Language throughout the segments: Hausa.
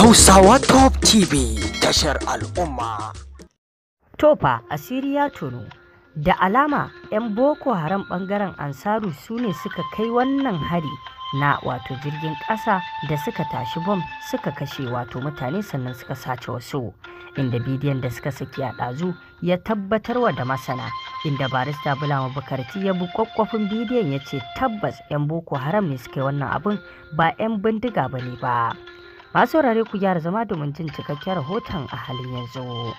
Hausawa Top TV tashar al'umma. Tofa asiri ya tono da alama 'yan Boko Haram bangaren Ansaru su ne suka kai wannan hari na wato jirgin ƙasa da suka tashi bom suka kashe wato mutane sannan suka sace wasu inda bidiyon da suka saki a ɗazu ya tabbatarwa da masana inda barista bulama bukarti ya bi kwakwafin bidiyon ya ce tabbas 'yan boko haram ne suka yi wannan abun ba 'yan bindiga ba ne ba masu wurare ku gyara zama domin jin cikakken rahoton a halin yanzu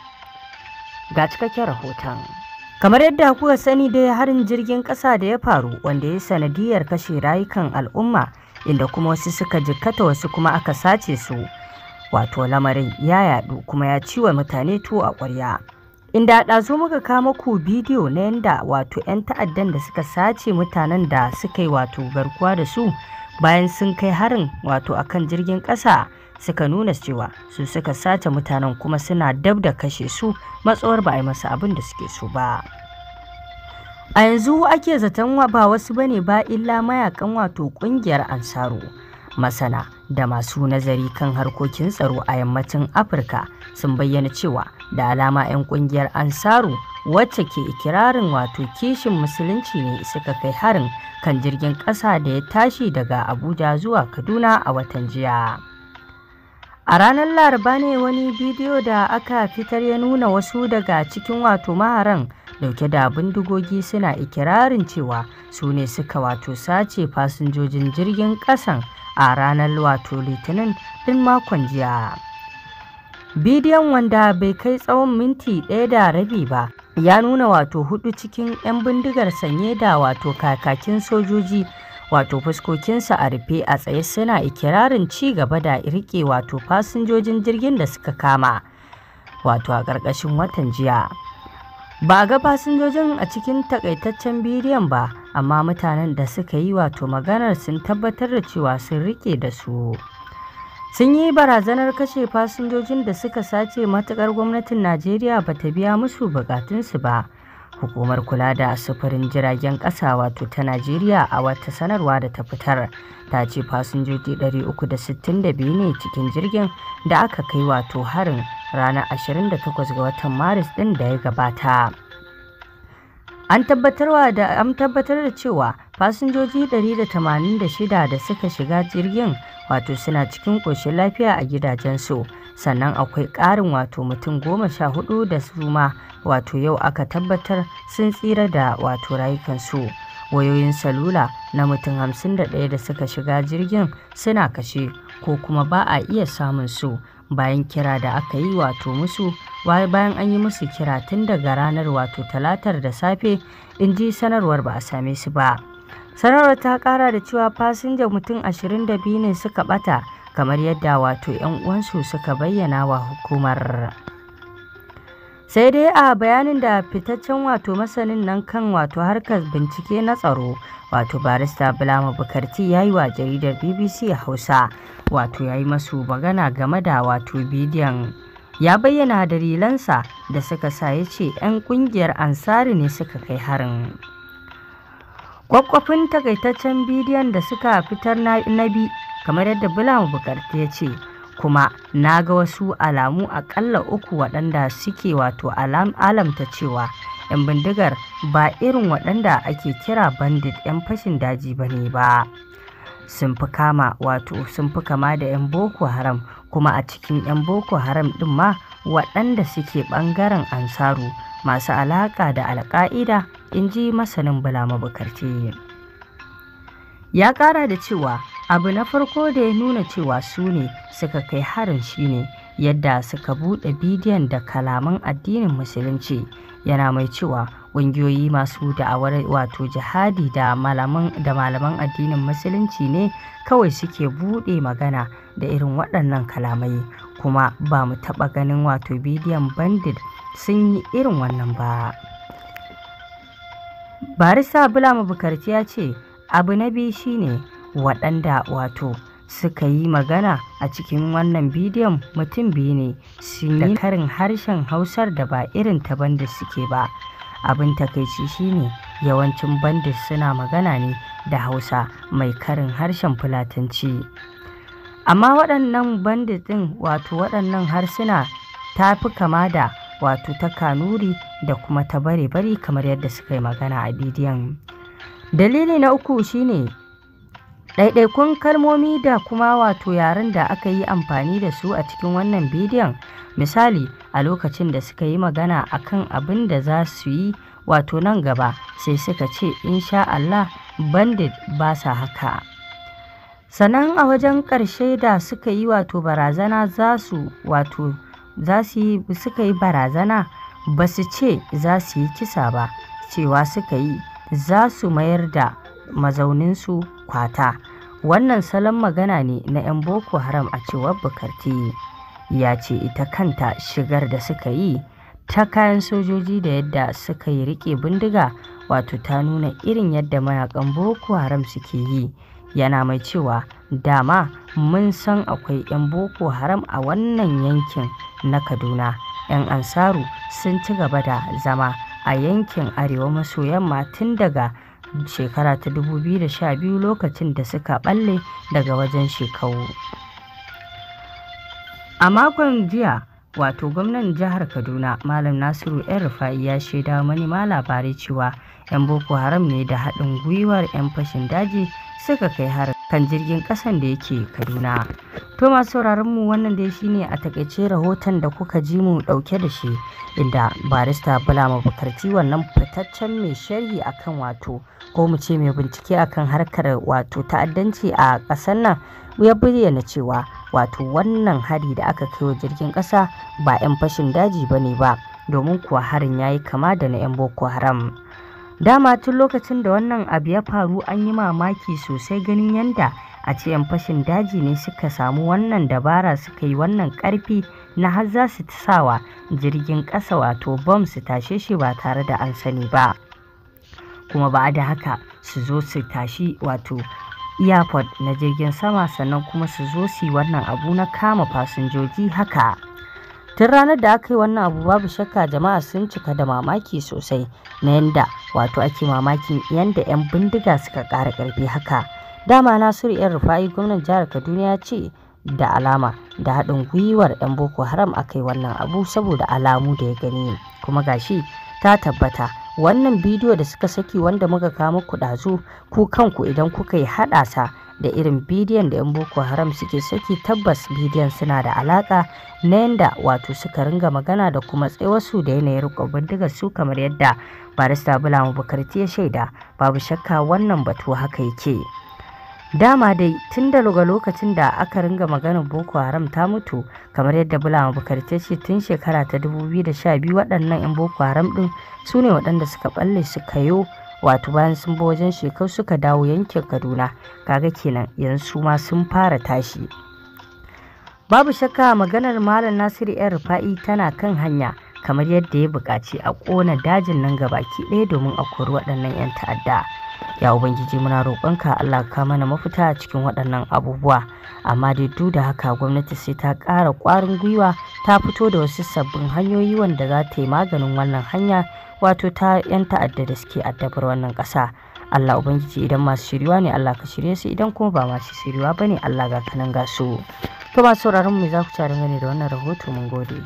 ga cikakken rahoton kamar yadda kuka sani dai harin jirgin ƙasa da ya faru wanda ya sanadiyar kashe rayukan al'umma inda kuma wasu suka jikkata wasu kuma aka sace su wato lamarin ya yadu kuma ya ciwa mutane tuwo a ƙwarya inda ɗazu muka kama ku bidiyo na yadda wato 'yan ta'addan da suka sace mutanen da suka yi wato garkuwa da su bayan sun kai harin wato akan jirgin ƙasa suka nuna cewa su suka sace mutanen kuma suna dab da kashe su matsawar ba a yi masa abin da suke so ba a yanzu ake zaton ba wasu bane ba illa mayakan wato kungiyar ansaru masana da masu nazari kan harkokin tsaro a yammacin afirka sun bayyana cewa da alama 'yan kungiyar ansaru wacce ke ikirarin wato kishin musulunci ne suka kai harin kan jirgin ƙasa da ya tashi daga abuja zuwa kaduna a watan jiya A ranar Laraba ne wani bidiyo da aka fitar ya nuna wasu daga cikin wato maharan dauke da bindigogi suna ikirarin cewa su ne suka wato sace fasinjojin jirgin kasan a ranar wato litinin din makon jiya. Bidiyon wanda bai kai tsawon minti ɗaya da rabi ba ya nuna wato hudu cikin 'yan bindigar sanye da wato kakakin sojoji wato fuskokinsa a rufe a tsaye suna ikirarin ci gaba da rike wato fasinjojin jirgin da suka kama wato a ƙarƙashin watan jiya ba ga fasinjojin a cikin takaitaccen bidiyon ba amma mutanen da suka yi wato maganar sun tabbatar da cewa sun rike da su sun yi barazanar kashe fasinjojin da suka sace matukar gwamnatin najeriya ba ta biya musu bukatunsu ba hukumar kula da sufurin jiragen ƙasa wato ta najeriya a wata sanarwa da ta fitar ta ce fasinjoji 362 ne cikin jirgin da aka kai wato harin ranar 28 ga watan maris ɗin da ya gabata an tabbatar da cewa fasinjoji 186 da suka shiga jirgin wato suna cikin ƙoshin lafiya a gidajensu sannan akwai ƙarin wato mutum goma sha hudu da su ma wato yau aka tabbatar sun tsira da wato rayukansu wayoyin salula na mutum hamsin da ɗaya da suka shiga jirgin suna kashe ko kuma ba a iya samun su bayan kira da aka yi wato musu bayan an yi musu kira tun daga ranar wato talatar da safe in ji sanarwar ba a same su ba sanarwar ta kara da cewa fasinja mutum 22 ne suka bata kamar yadda wato 'yan uwansu suka bayyana wa hukumar sai dai a bayanin da fitaccen wato masanin nan kan wato harkar bincike na tsaro wato barista bulama bukarti ya yi wa jaridar bbc hausa wato ya yi masu magana game da wato bidiyon ya bayyana dalilansa da suka sa ya ce 'yan kungiyar ansari ne suka kai harin kwakwafin takaitaccen bidiyon da suka fitar na bi kamar yadda bulan Bukarti ya ce kuma na ga wasu alamu akalla uku waɗanda suke wato alam alamta cewa 'yan bindigar ba irin waɗanda ake kira bandit 'yan fashin daji ba ne ba sun fi kama wato sun fi kama da 'yan boko haram kuma a cikin 'yan boko haram ɗin ma waɗanda suke ɓangaren ansaru masu alaƙa da alƙa'ida in ji masanin bulama bukarti ya ƙara da cewa abu na farko da ya nuna cewa su ne suka kai harin shine yadda suka buɗe bidiyon da kalaman addinin musulunci yana mai cewa ƙungiyoyi masu da'awar wato jihadi da malaman addinin musulunci ne kawai suke buɗe magana da irin waɗannan kalamai kuma ba mu taɓa ganin wato bidiyon bandit sun yi irin wannan ba barista bulama bukarci ya ce abu na biyu shine waɗanda wato suka yi magana a cikin wannan bidiyon mutum biyu ne sun yi karin harshen hausar da ba irin ta bandit suke ba abin takaici shine yawancin bandit suna magana ne da hausa mai karin harshen fulatanci amma waɗannan bandit ɗin wato waɗannan harsuna ta fi kama da wato ta kanuri da kuma ta bare-bari kamar yadda suka yi magana a bidiyon dalili na uku shine ɗaiɗaikun kalmomi da kuma wato yaren da aka yi amfani da su a cikin wannan bidiyon misali a lokacin da suka yi magana a kan abin da za su yi wato nan gaba sai suka ce insha Allah bandit ba sa haka sannan a wajen ƙarshe da suka yi wato barazana za su wato za su yi suka yi barazana ba su ce za su yi kisa ba cewa suka yi za su mayar da mazauninsu fata wannan salon magana ne na 'yan boko haram a cewar bukarti ya ce ita kanta shigar da suka yi ta kayan sojoji da yadda suka yi rike bindiga wato ta nuna irin yadda mayakan boko haram suke yi yana mai cewa dama mun san akwai 'yan boko haram a wannan yankin na kaduna 'yan ansaru sun ci gaba da zama a yankin arewa maso yamma tun daga shekara ta 2012 lokacin da suka balle daga wajen shekaru. A makon jiya, wato gwamnan jihar Kaduna Malam Nasiru ‘yan Rufa'i ya shaida manema labarai cewa ‘yan Boko Haram ne da haɗin gwiwar ‘yan fashin daji suka kai harin. kan jirgin kasan da yake kaduna to masu sauraron mu wannan dai shine a takaice rahoton da kuka ji mu dauke da shi inda barista bala mabukarci wannan fitaccen mai sharhi akan wato ko mu ce mai bincike akan harkar wato ta'addanci a kasan nan ya bayyana cewa wato wannan hari da aka kai wa jirgin ƙasa ba 'yan fashin daji ba ba domin kuwa harin yayi kama da na 'yan boko haram Dama tun lokacin da wannan abu ya faru an yi mamaki sosai ganin yanda a ce ‘yan fashin daji ne suka samu wannan dabara suka yi wannan ƙarfi na har za su sawa jirgin ƙasa wato bom su tashe shi ba tare da an sani ba. Kuma ba da haka su zo su tashi wato airport na jirgin sama sannan kuma su zo su yi wannan abu na kama fasinjoji haka. tun ranar da aka yi wannan abu babu shakka jama'a sun cika da mamaki sosai na yanda wato ake mamakin yanda 'yan bindiga suka ƙara ƙarfi haka dama nasiru yan rufa'i gwamnan jihar kaduna ya ce da alama da haɗin gwiwar 'yan boko haram aka yi wannan abu saboda alamu da ya gani kuma gashi ta tabbata wannan bidiyo da suka saki wanda muka kawo muku ɗazu ku kanku idan kuka yi haɗa sa da irin bidiyon da 'yan boko haram suke saki tabbas bidiyon suna da alaka na yadda wato suka ringa magana da kuma tsayawarsu da yanayin rikon bindigar su kamar yadda barista bulamu bukarti ya shaida babu shakka wannan batu haka yake dama dai tun da daga lokacin da aka ringa maganar boko haram ta mutu kamar yadda bulama bukarta ce tun shekara ta 2012 waɗannan 'yan boko haram ɗin su ne waɗanda suka ɓalle suka yo wato bayan sun bi wajen shekau suka dawo yankin kaduna kaga kenan yanzu su ma sun fara tashi babu shakka maganar malam nasiru yan rufa'i tana kan hanya kamar yadda ya buƙaci a ƙona dajin nan gabaki ɗaya domin a kori waɗannan 'yan ta'adda ya ubangiji muna roƙonka allah ka mana mafita a cikin waɗannan abubuwa amma dai duk da haka gwamnati sai ta ƙara ƙwarin gwiwa ta fito da wasu sabbin hanyoyi wanda za ta yi maganin wannan hanya wato ta 'yan ta'adda da suke addabar wannan ƙasa allah ubangiji idan masu shiriwa ne allah ka shirye su idan kuma ba masu shiriwa ba ne allah ga kanan gasu to masu sauraron mu za ku ci da wannan rahoto mun gode